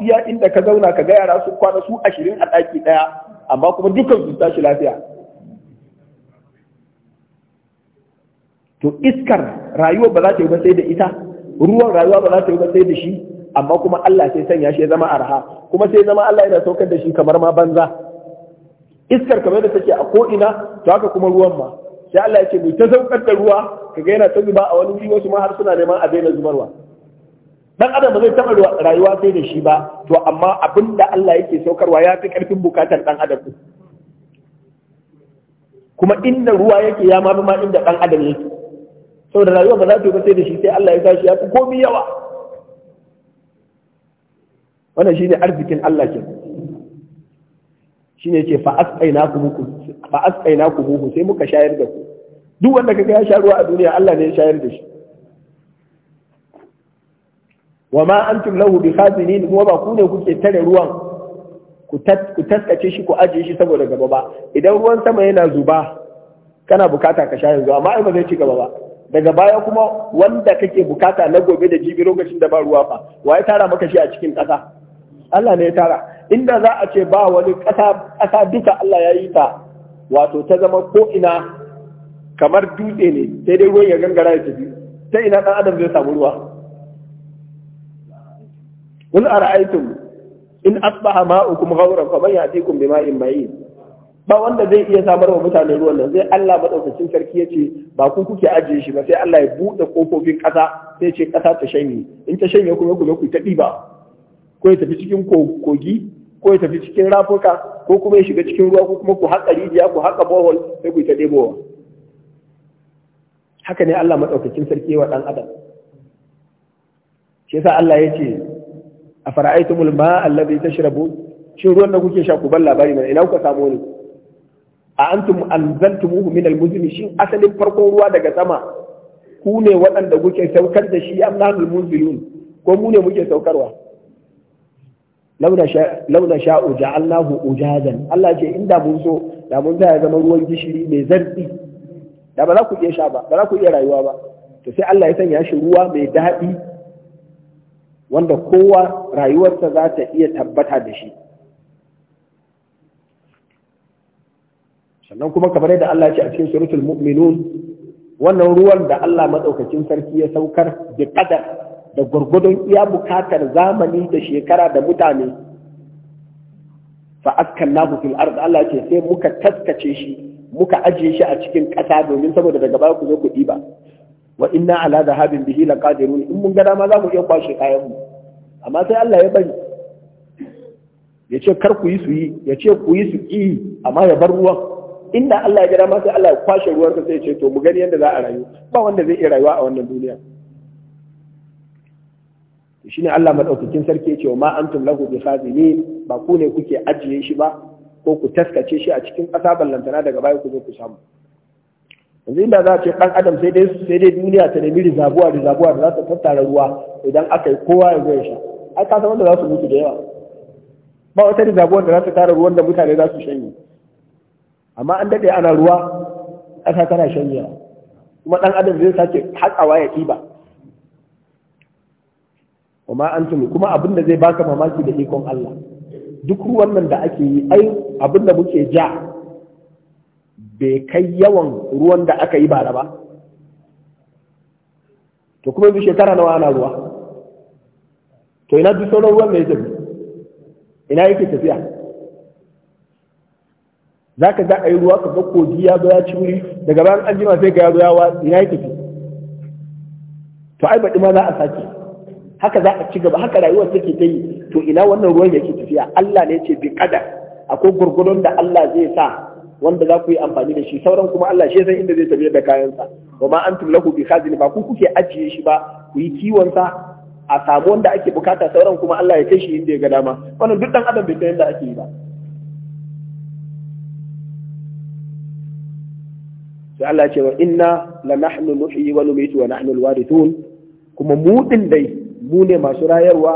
iya inda ka zauna ka ga yara su kwana su ashirin a ɗaki ɗaya amma kuma dukkan su tashi lafiya to iskar rayuwa ba za ta yi ba sai da ita ruwan rayuwa ba za ta yi ba sai da shi amma kuma Allah sai sanya shi ya zama arha kuma sai zama Allah yana saukar da shi kamar ma banza iskar kamar da take a ko ina to haka kuma ruwan ma sai Allah ya ce mu ta saukar da ruwa kaga yana ta ba a wani wuri wasu ma har suna neman a daina zubarwa dan adam ba zai taɓa rayuwa sai da shi ba to amma abinda Allah yake saukarwa ya fi karfin bukatar dan adam kuma inda ruwa yake ya mafi ma inda dan adam yake saboda rayuwa ba za ta yi ba da shi sai Allah ya shi ya fi komi yawa wannan shi ne arzikin Allah ke Shi ne ce fa aina ku muku sai muka shayar da ku duk wanda kaga ya sha ruwa a duniya Allah ne ya shayar da shi wa ma antum lahu bikhazinin kuma ba ku ne kuke tare ruwan ku taskace shi ku ajiye shi saboda gaba ba idan ruwan sama yana zuba kana bukata ka sha yanzu amma ai ba zai ci gaba ba daga baya kuma wanda kake bukata na gobe da jibi lokacin da ba ruwa ba, wa ya tara maka shi a cikin ƙasa Allah ne ya tara inda za a ce ba wani ƙasa ƙasa duka Allah ya yi ta wato ta zama ko ina kamar dutse ne sai dai ruwan ya gangara ya tafi ta ina ɗan adam zai samu ruwa قل أرأيتم إن أصبح ماؤكم غورا فمن يأتيكم bima'in معين ba wanda zai iya samar wa mutane ruwan nan sai Allah madaukakin sarki ya ce ba ku kuke ajiye shi ba sai Allah ya buɗe kofofin ƙasa sai ce ƙasa ta shanye in ta shanye kuma ku ku ta ɗiba ko ya tafi cikin kogi ko ya tafi cikin rafuka ko kuma ya shiga cikin ruwa ko kuma ku haƙa rijiya ku haƙa bohol sai ku ta ɗebowa haka ne Allah madaukakin sarki wa ɗan adam shi yasa Allah ya ce a fara'aitumul ma'a allazi tashrabu shin ruwan da kuke sha ku ban labari mana ina kuka samu ne a antum anzaltumuhu min al-muzni shin asalin farkon ruwa daga sama ku ne waɗanda kuke saukar da shi am nahnu munzilun ko mu ne muke saukarwa launa sha'u ja'alnahu ujajan Allah ce inda mun so da mun ya zama ruwan gishiri mai zarfi da ba za ku iya sha ba ba za ku iya rayuwa ba to sai Allah ya sanya shi ruwa mai daɗi wanda kowa rayuwarsa za ta iya tabbata da shi sannan kuma kamar yadda Allah ya ce a cikin suratul mu'minun wannan ruwan da Allah madaukakin sarki ya saukar da kadar da gurgudun iya bukatar zamani da shekara da mutane fa askannahu fil ard Allah ya ce sai muka taskace shi muka ajiye shi a cikin kasa domin saboda daga baya ku zo ku diba wa inna ala dhahabin bihi laqadirun in mun ga dama za mu iya kwashe kayan mu amma sai Allah ya bari ya ce kar ku yi su yi ya ce ku yi su yi amma ya bar ruwan inda Allah ya gada ma sai Allah ya kwashe ruwansa sai ce to mu gani yadda za a rayu ba wanda zai iya rayuwa a wannan duniya ne Allah maɗaukakin sarki ya ce ma antum lahu bi khazini ba ku ne kuke ajiye shi ba ko ku taskace shi a cikin ƙasa ballantana daga baya ku zo ku samu yanzu inda za a ce ɗan adam sai dai sai dai duniya ta nemi rizabuwa rizabuwa da za ta tattara ruwa idan aka yi kowa ya zo ya sha ai ka san wanda za su mutu da yawa ba wata rizabuwar da za ta tara ruwan da mutane za su shanye amma an daɗe ana ruwa ƙasa tana shanyewa kuma ɗan adam zai sake haƙawa ya ƙiba kuma an tuni kuma abin da zai baka mamaki da ikon Allah duk ruwan nan da ake yi ai abin da muke ja bai kai yawan ruwan da aka yi bara ba to kuma yanzu shekara nawa ana ruwa to ina duk sauran ruwan mai zabi ina yake tafiya za ka za a yi ruwa ka ga kogi ya zo ya ci wuri daga bayan an jima sai ka ya zo ya ya tafi to ai baɗi ma za a sake haka za a ci gaba haka rayuwar take ta yi to ina wannan ruwan yake tafiya Allah ne ce bi kada akwai gurgurun da Allah zai sa wanda za ku yi amfani da shi sauran kuma Allah shi san inda zai tafi da kayansa ba ma antum lahu bi khazin ba ku kuke ajiye shi ba ku yi kiwon sa a samu wanda ake bukata sauran kuma Allah ya kai shi inda ya ga dama wannan duk dan adam bai san yadda ake yi ba da Allah ce wa inna la nahnu nuhyi wa numitu wa nahnu alwarithun kuma mu din dai mu ne masu rayarwa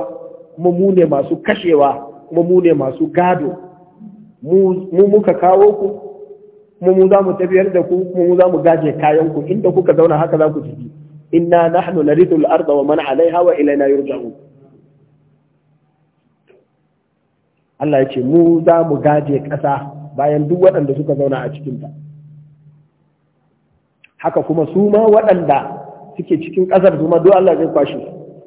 kuma mu ne masu kashewa kuma mu ne masu gado mu muka kawo ku kuma mu za mu tafiyar da ku kuma mu za mu gaje kayan ku inda kuka zauna haka za ku tafi inna nahnu narithul arda wa man alaiha wa ilaina yurja'un Allah ya ce mu za mu gaje ƙasa bayan duk waɗanda suka zauna a cikinta. ta haka kuma su ma waɗanda suke cikin ƙasar su ma duk Allah zai kwashe su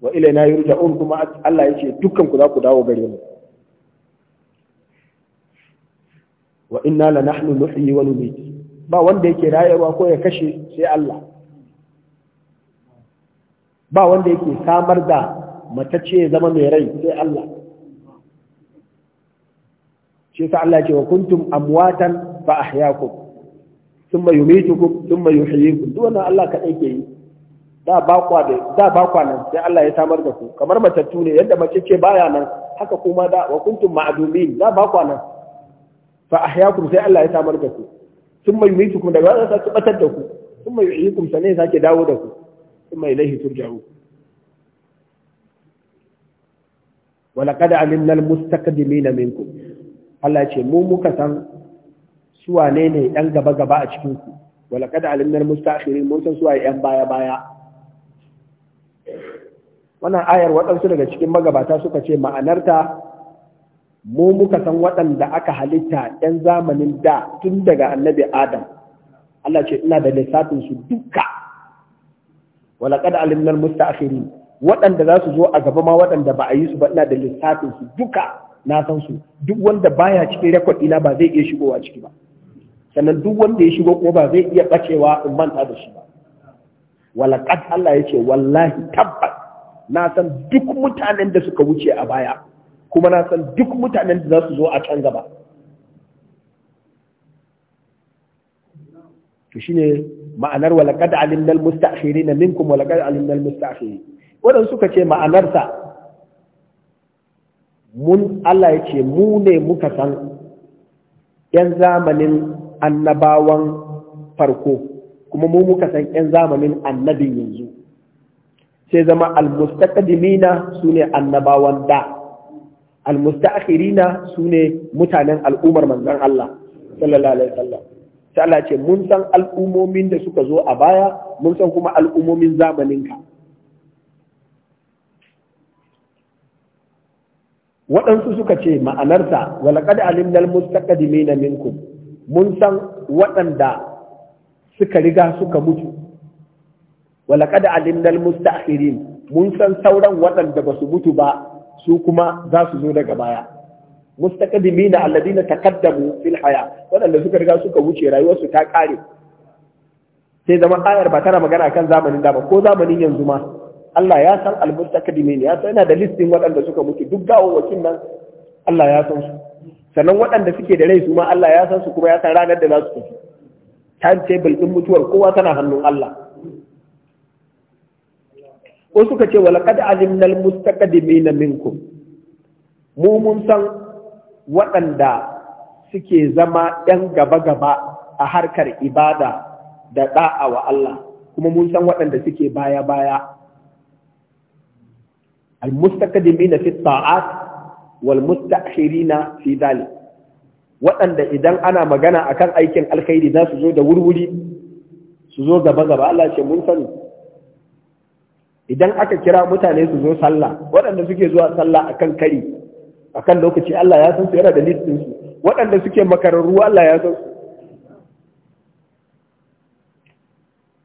wa ilaina yurja'un kuma Allah ya ce dukkan ku za ku dawo gare mu wa inna la nahnu nuhyi wa numit ba wanda yake rayarwa ko ya kashe sai Allah ba wanda yake samar da matacce ya zama mai rai sai Allah shi sa Allah ce wa kuntum amwatan fa ahyaakum Sun mai thumma yumitukum thumma yuhyikum duk wannan Allah kadai ke yi da ba kwa da da ba nan sai Allah ya samar da ku kamar matattu ne yadda mace ce baya nan haka kuma da wa kuntum ma'dumin da ba kwa nan fa ahyaakum sai Allah ya samar da ku thumma yumitukum daga wannan sai batar da ku Sun mai thumma yuhyikum sai sake dawo da ku Sun mai thumma ilaihi turja'u ولقد علمنا المستقدمين minku? Allah ce mu muka san su wane ne ɗan gaba-gaba a cikinku wala kada alimnar mustashirin mun san suwa ‘yan baya-baya wannan ayar waɗansu daga cikin magabata suka ce ma'anarta mu muka san waɗanda aka halitta ‘yan zamanin da tun daga annabi adam Allah ce ina da lissafinsu duka wala kada alimnar mustashirin waɗanda za su zo a gaba ma waɗanda ba a yi su ba ina da lissafinsu duka na san su duk wanda baya cikin rekod ina ba zai iya shigowa ciki ba sannan duk wanda ya shigo kuma ba zai iya bacewa in manta da shi ba walaqad Allah ce wallahi tabbas na san duk mutanen da suka wuce a baya kuma na san duk mutanen da za su zo a can gaba to shine ma'anar walaqad alimnal musta'khirin minkum walaqad alimnal musta'khirin wadanda suka ce ma'anar sa, mun Allah ya ce mu ne muka san ‘yan zamanin annabawan farko kuma mu muka san 'yan zamanin annabin yanzu sai zama almustaqdimina sune annabawan da su sune mutanen al'ummar manzon Allah sallallahu alaihi wasallam sai Allah ce mun san al'ummomin da suka zo a baya mun san kuma al'ummomin zamaninka waɗansu suka ce ma'anarsa walaqad alimnal mustaqdimina minkum mun san waɗanda suka riga suka mutu walaƙada alimnal mustaakhirin mun san sauran waɗanda ba su mutu ba su kuma za su zo daga baya mustaqdimina alladina taqaddamu fil haya waɗanda suka riga suka wuce rayuwarsu ta ƙare sai zama ayar ba tana magana kan zamanin da ba ko zamanin yanzu ma Allah ya san almustaqdimin ya san yana da listin waɗanda suka mutu duk gawo wakin nan Allah ya san su sannan waɗanda suke da rai su ma Allah ya san su kuma ya san ranar da za su tafi timetable ɗin mutuwar kowa tana hannun Allah ko suka ce wala kad alimna al mustaqdimin minkum mu mun san waɗanda suke zama ɗan gaba-gaba a harkar ibada da ɗa'a wa Allah kuma mun san waɗanda suke baya-baya al mustaqdimin fi ta'at wal musta'khirina fi dhalik waɗanda idan ana magana akan aikin alkhairi za su zo da wurwuri su zo gaba gaba Allah ce mun sani idan aka kira mutane su zo sallah waɗanda suke zuwa sallah akan kari akan lokaci Allah ya san su yana da listin su waɗanda suke makararru Allah ya san su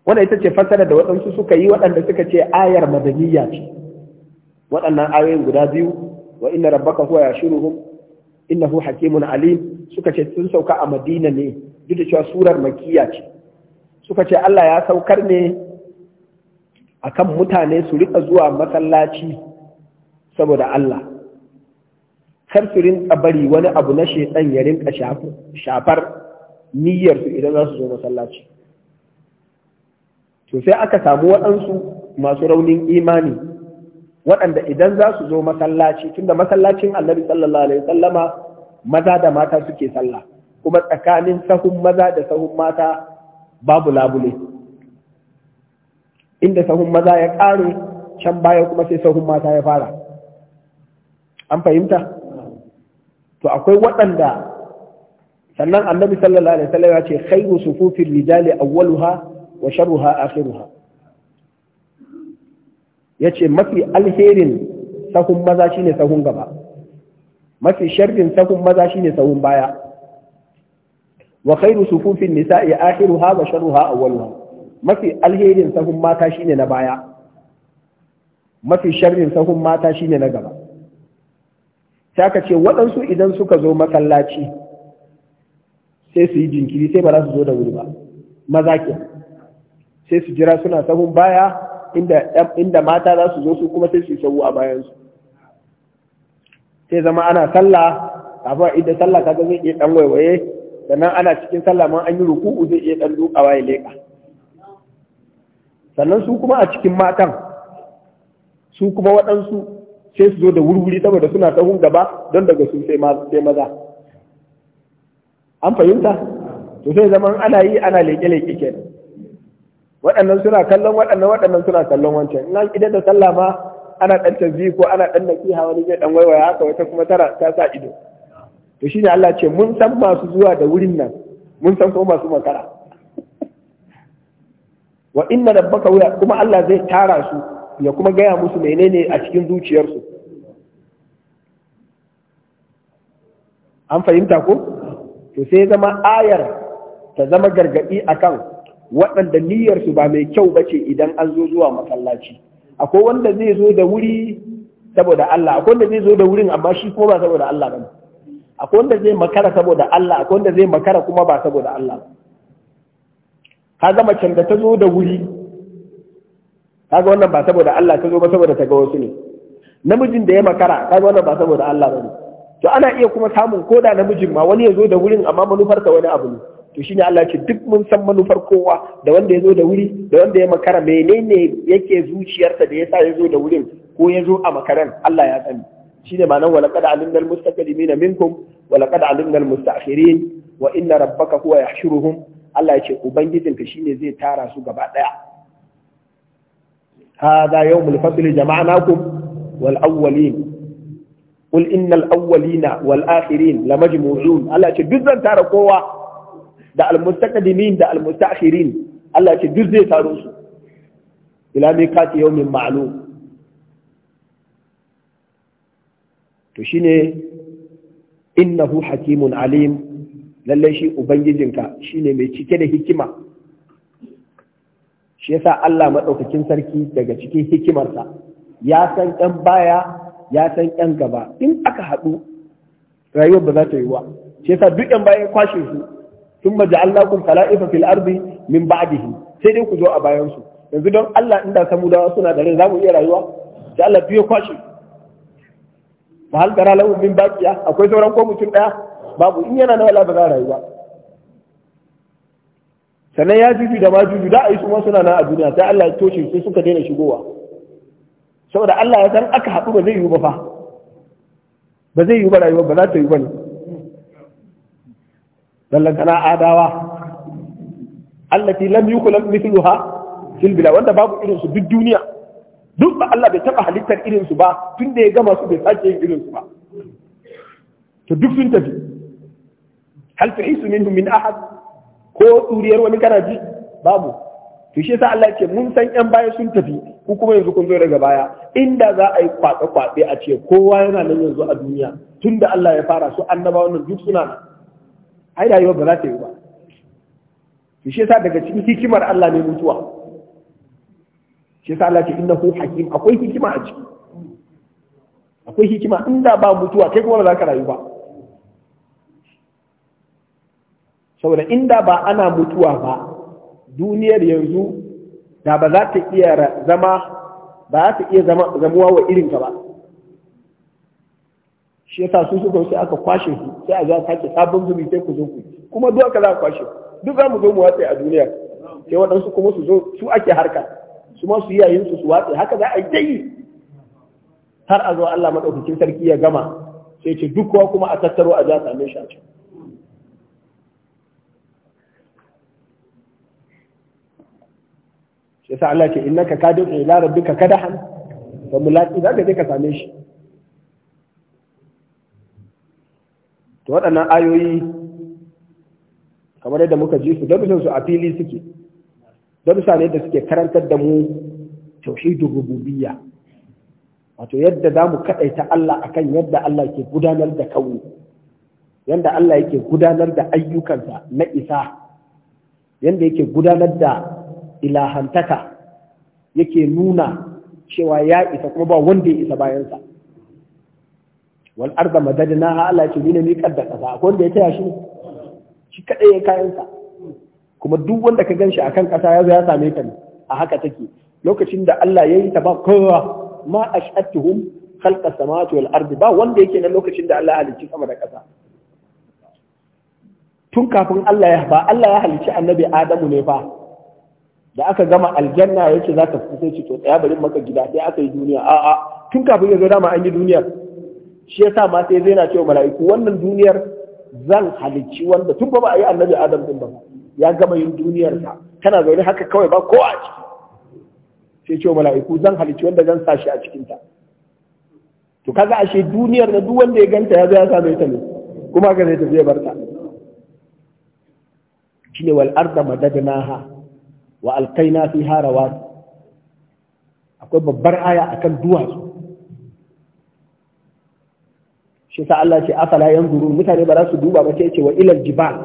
wannan ita ce fassara da waɗansu suka yi waɗanda suka ce ayar madaniya ce waɗannan ayoyin guda biyu wa inna rabbaka huwa yashuruhum innahu hakimun alim suka ce sun sauka a Madina ne duk da cewa surar makiya ce suka ce Allah ya saukar ne akan mutane su rika zuwa masallaci saboda Allah kar su rinka bari wani abu na shedan ya rinka shafar niyyar su idan za su zo masallaci to sai aka samu waɗansu masu raunin imani waɗanda idan za su zo masallaci tunda masallacin annabi sallallahu alaihi sallama, maza da mata suke sallah kuma tsakanin sahun maza da sahun mata babu labule inda sahun maza ya ƙare can baya kuma sai sahun mata ya fara an fahimta to akwai waɗanda sannan annabi sallallahu alaihi wasallam ya ce khairu sufufin rijali awwaluha wa sharruha akhiruha ya ce mafi alherin sahun maza shine sahun gaba mafi sharrin sahun maza shine sahun baya wa khairu sufufin nisa'i akhiruha wa sharruha awwaluha mafi alherin sahun mata shine na baya mafi sharrin sahun mata shine na gaba sai aka ce waɗansu idan suka zo masallaci sai su yi jinkiri sai ba za su zo da wuri ba maza ke sai su jira suna sahun baya inda mata za su zo su kuma sai su sahu a bayansu sai zama ana sallah kafin inda sallah kaga zai iya dan waiwaye sannan ana cikin sallah ma an yi ruku'u zai iya dan duka waye leka sannan su kuma a cikin matan su kuma waɗansu sai su zo da wurwuri saboda suna sahun gaba don daga su sai maza an fahimta to sai zaman ana yi ana leke-leke kenan waɗannan suna kallon waɗannan waɗannan suna kallon wancan ina idan da sallah ma ana ɗan tazi ko ana ɗan nasiha wani zai ɗan waiwaya haka wata kuma tara ta sa ido to shine Allah ce mun san masu zuwa da wurin nan mun san ko masu makara wa inna rabbaka wuya kuma Allah zai tara su ya kuma gaya musu menene a cikin zuciyarsu an fahimta ko to sai zama ayar ta zama gargadi akan waɗanda niyyarsu ba mai kyau ba ce idan an zo zuwa masallaci akwai wanda zai zo da wuri saboda Allah akwai wanda zai zo da wurin amma shi kuma ba saboda Allah ba akwai wanda zai makara saboda Allah akwai wanda zai makara kuma ba saboda Allah ka zama canza da ta zo da wuri Ka ga wannan ba saboda Allah ta zo ba saboda ta ga wasu ne namijin da ya makara kaga wannan ba saboda Allah ba ne to ana iya kuma samun koda namijin ma wani ya zo da wurin amma manufarsa wani abu ne to shine Allah ce duk mun san manufar kowa da wanda ya zo da wuri da wanda ya makara menene yake zuciyarsa da yasa ya zo da wurin ko ya zo a makaran Allah ya sani shine ma'anar wa laqad alimna al-mustaqdimin minkum wa laqad alimna al-mustaakhirin wa inna rabbaka huwa yahshuruhum Allah ya ce ubangijinka shine zai tara su gaba daya هذا يوم الفصل جمعناكم والأولين قل إن الأولين والآخرين لمجموعون الله يقول جزا ترى قوة da almustaqdimin da almustaakhirin Allah ya ce duk zai taro su ila yau min ma'lum to shine innahu hakimun alim lallai shi ubangijinka shine mai cike da hikima shi yasa Allah maɗaukakin sarki daga cikin hikimarsa ya san ƴan baya ya san 'yan gaba in aka haɗu rayuwar ba za ta yi wa shi yasa duk ƴan baya ya kwashe su thumma ja'alnakum khala'ifa fil ardi min ba'dihi sai dai ku zo a bayan su yanzu don Allah inda samudawa suna da rai za mu iya rayuwa sai Allah biyo kwashi Ba hal tara lahum min baqiya akwai sauran ko mutum daya babu in yana na wala ba za rayuwa sannan ya juju da ma juju da a yi su suna nan a duniya sai Allah ya toshe sai suka daina shigowa saboda Allah ya san aka haɗu ba zai yi ba fa ba zai yi ba rayuwa ba za ta yi ba ne ballantana adawa allati lam yukhlaq mithluha fil bila wanda babu irin su duk duniya duk ba Allah bai taba halittar irin su ba tun da ya gama su bai sake yin irin su ba to duk sun tafi hal tahisu minhum min ahad ko duriyar wani kana ji babu to shi yasa Allah yake mun san yan baya sun tafi ku kuma yanzu kun zo daga baya inda za a yi kwatsa kwatsa a ce kowa yana nan yanzu a duniya tunda Allah ya fara su annabawan nan duk suna nan ai rayuwa ba za ta yi ba shi shi sa daga cikin hikimar Allah ne mutuwa shi sa Allah ce innahu hakim akwai hikima a ciki akwai hikima inda ba mutuwa kai kuma ba za ka rayu ba saboda inda ba ana mutuwa ba duniyar yanzu da ba za ta iya zama ba za ta iya zama zamuwa wa irinka ba shi yasa su suka sai aka kwashe su sai a za ce sabon zubi sai ku zo ku kuma duk aka za a kwashe duk za mu zo mu watsa a duniya sai waɗansu kuma su zo su ake harka su ma su yi yayin su su watsa haka za a yi dai har a zo Allah madaukakin sarki ya gama sai ce duk kowa kuma a tattaro a za same shi a can Sai sa Allah ce innaka kadin ila rabbika kadahan fa mulaqi zaka je ka same shi to waɗannan ayoyi kamar yadda muka ji su darussan su a fili suke darussa ne yadda suke karantar da mu tauhidin rububiyya wato yadda za mu kaɗaita Allah akan yadda Allah ke gudanar da kauni yadda Allah yake gudanar da ayyukansa na isa yadda yake gudanar da ilahantaka yake nuna cewa ya isa kuma ba wanda ya isa bayansa wal arda madadnaha Allah ce ne miƙar da ƙasa akwai wanda ya taya shi shi kadai ya kayan sa kuma duk wanda ka ganshi akan ƙasa ya zo ya same ka ne a haka take lokacin da Allah ya yi ta ba kowa ma ashatuhum khalqa samawati wal ardi ba wanda yake nan lokacin da Allah ya halicci sama da ƙasa tun kafin Allah ya ba Allah ya halicci annabi Adamu ne fa da aka gama aljanna yace zaka fito sai ce to tsaya bari maka gida sai aka yi duniya a'a tun kafin ya zo dama an yi duniyar shi yasa ma sai zai na cewa mala'iku wannan duniyar zan halicci wanda tun ba ba a yi annabi adam din ba ya gama yin duniyar ta. kana zaune haka kawai ba ko a ciki sai cewa mala'iku zan halicci wanda zan sa shi a cikin ta. to kaga ashe duniyar da duk wanda ya ganta ya zo ya same ta ne kuma ka zai tafi ya barta shine wal arda madadnaha wa alqaina fiha rawat akwai babbar aya akan duwatsu shi sa Allah ce afala yanzuru mutane ba za su duba ba sai ce wa ilal jibal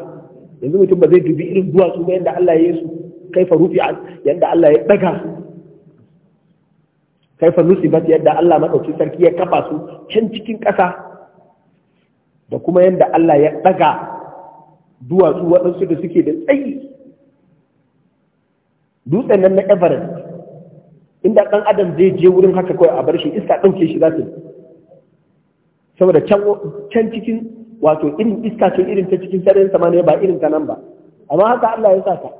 yanzu mutum ba zai dubi irin duwatsu ba yanda Allah ya yi su kaifa rufi'at yanda Allah ya daga su kaifa nusibat yadda Allah madauki sarki ya kafa su can cikin ƙasa da kuma yanda Allah ya daga duwatsu waɗansu da suke da tsayi dutsen nan na Everest inda ɗan adam zai je wurin haka kawai a bar shi iska ɗauke shi za su yi. saboda can cikin wato irin iska ce irin ta cikin sararin samaniya ba irin ta nan ba amma haka Allah ya sata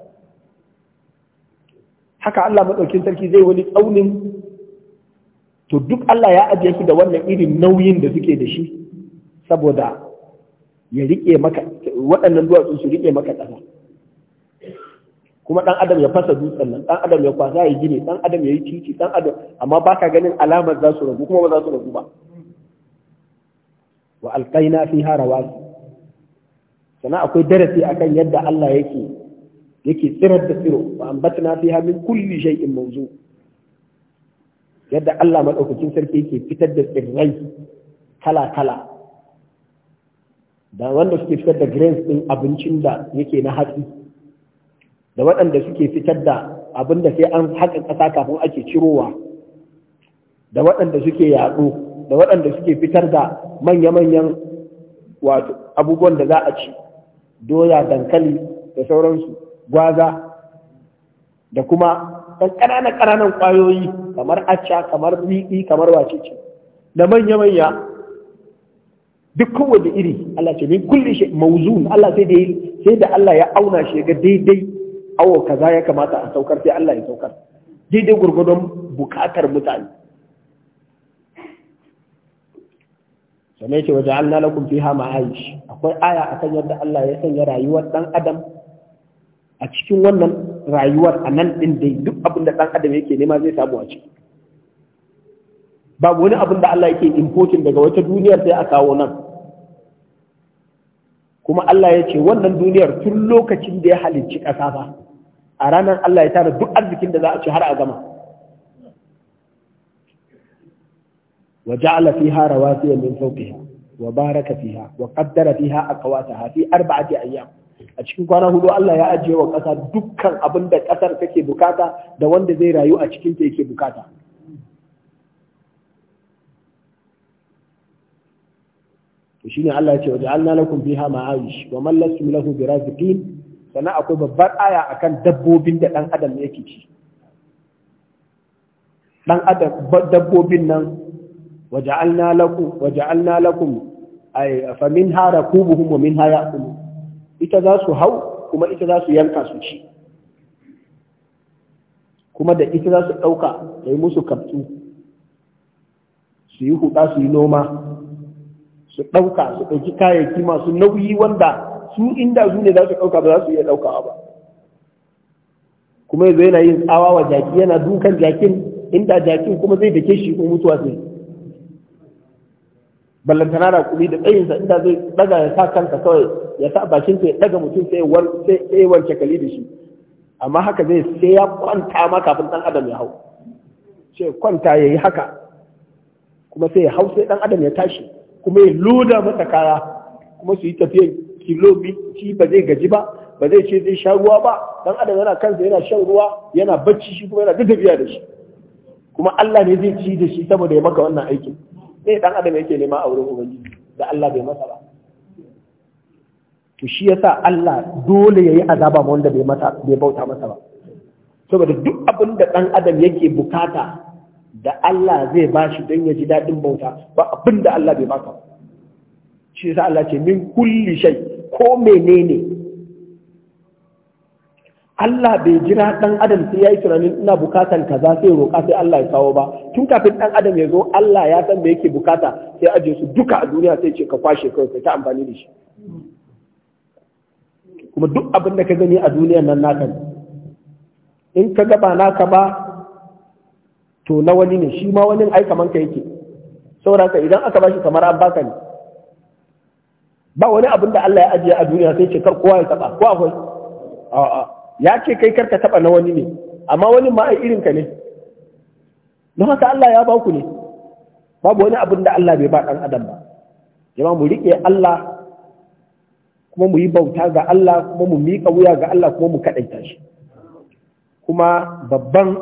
haka Allah madaukin sarki zai wani tsaunin to duk Allah ya ajiye su da wannan irin nauyin da suke da shi saboda ya rike maka waɗannan duwatsu su rike maka ƙasa kuma ɗan adam ya fasa dutsen nan ɗan adam ya kwasa ya gini ɗan adam ya yi titi ɗan adam amma ba ka ganin alamar za su ragu kuma ba za su ragu ba wa alqaina fiha rawasi sana akwai darasi akan yadda Allah yake yake tsirar da tsiro wa ambatna fiha min kulli shay'in mawzu yadda Allah madaukakin sarki yake fitar da tsirrai kala kala da wanda suke fitar da grains ɗin abincin da yake na hatsi da waɗanda suke fitar da abinda sai an haƙa ƙasa kafin ake cirowa da waɗanda suke yaɗo da waɗanda suke fitar da manya-manyan abubuwan da za a ci doya dankali da sauransu gwaza da kuma ɗan ƙananan ƙananan ƙwayoyi kamar acca kamar riɗi kamar wacece da manya-manya duk kowane iri Allah ce min kulli shi mawzun Allah sai da sai da Allah ya auna shi ga daidai awo kaza ya kamata a saukar sai Allah ya saukar daidai gurgudun bukatar mutane sai yake wa ja'alna lakum fiha ma'aish akwai aya akan yadda Allah ya sanya rayuwar dan adam a cikin wannan rayuwar a nan din dai duk abin da dan adam yake nema zai samu a ciki babu wani abin da Allah yake importing daga wata duniyar sai a kawo nan kuma Allah ya ce wannan duniyar tun lokacin da ya halicci ƙasa ba a ranar Allah ya tara duk arzikin da za a ci har a gama وجعل فيها رواسي من فوقها وبارك فيها وقدر فيها أقواتها في أربعة أيام a cikin kwana hudu Allah ya ajiye wa ƙasa dukkan abinda da ƙasar take bukata da wanda zai rayu a cikin ta yake bukata to shine Allah ya ce waja'alna lakum fiha ma'ayish wa man lastum lahu biraziqin sannan akwai babbar aya akan dabbobin da dan adam yake ci dan adam dabbobin nan waja'alna lakum waja'alna lakum ay fa minha rakubuhum wa minha ya'kulun ita za su hau kuma ita za su yanka su ci kuma da ita za su ɗauka da musu kaftu su yi huɗa su yi noma su ɗauka su ɗauki kayayyaki masu nauyi wanda su inda su ne za su ɗauka ba za su iya ɗaukawa ba kuma yanzu yana yin tsawa wa jaki yana dukan jakin inda jakin kuma zai dake shi ko mutuwa sai ballantana da kuɗi da tsayinsa inda zai daga ya sa kansa kawai ya sa bakin sai ya daga mutum sai war sai da shi amma haka zai sai ya kwanta ma kafin dan adam ya hau ce kwanta yayi haka kuma sai ya hau sai dan adam ya tashi kuma ya loda masa kaya kuma su yi tafiyan shi ba zai gaji ba ba zai ce zai sha ruwa ba dan adam yana kansa yana shan ruwa yana bacci shi kuma yana da da shi kuma Allah ne zai ci da shi saboda ya maka wannan aikin sai dan adam yake nema a wurin ubangiji da Allah bai masa ba to shi yasa Allah dole yayi azaba ma wanda bai masa bai bauta masa ba saboda duk abin da dan adam yake bukata da Allah zai bashi don ya ji dadin bauta ba abin da Allah bai baka shi yasa Allah ce min kulli shay ko menene Allah bai jira ɗan adam sai ya yi tunanin ina bukatan kaza sai roƙa sai Allah ya kawo ba tun kafin ɗan adam ya zo Allah ya san me yake bukata sai ajiye su duka a duniya sai ce ka kwashe kawai sai ta amfani da shi kuma duk abin da ka gani a duniya nan naka ne in ka gaba naka ba to na wani ne shi ma wani ai kaman ka yake saboda idan aka bashi kamar an baka ne ba wani abin da Allah ya ajiye a duniya sai ce kar kowa ya taba ko akwai a'a ya ce kai karka taɓa na wani ne amma wani ma irin ka ne don haka Allah ya baku ne babu wani abin da Allah bai ba ɗan adam ba jama'a mu riƙe Allah kuma mu yi bauta ga Allah kuma mu miƙa wuya ga Allah kuma mu kaɗaita shi kuma babban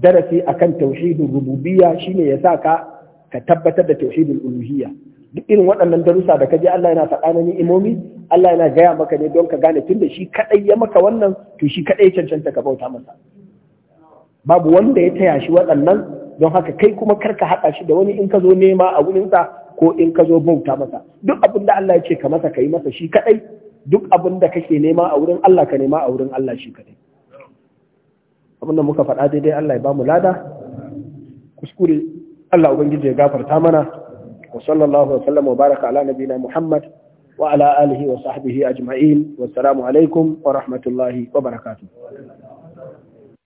darasi akan tauhidin rububiyya shine ya sa ka ka tabbatar da tauhidin uluhiyya duk irin waɗannan darussa da ka je Allah yana faɗa na ni'imomi Allah yana gaya maka ne don ka gane tun da shi kadai ya maka wannan to shi kadai ya cancanta ka bauta masa babu wanda ya taya shi waɗannan don haka kai kuma kar ka haɗa shi da wani in ka zo nema a wurinsa ko in ka zo bauta masa duk abin da Allah ya ce ka masa ka yi masa shi kadai duk abin da kake nema a wurin Allah ka nema a wurin Allah shi kadai abin da muka faɗa daidai Allah ya bamu lada kuskure Allah ubangiji ya gafarta mana wa sallallahu alaihi wa sallam wa baraka ala nabiyina Muhammad wa ala alihi wa sahbihi ajma'il wassalamu alaikum wa rahmatullahi wa barakatuh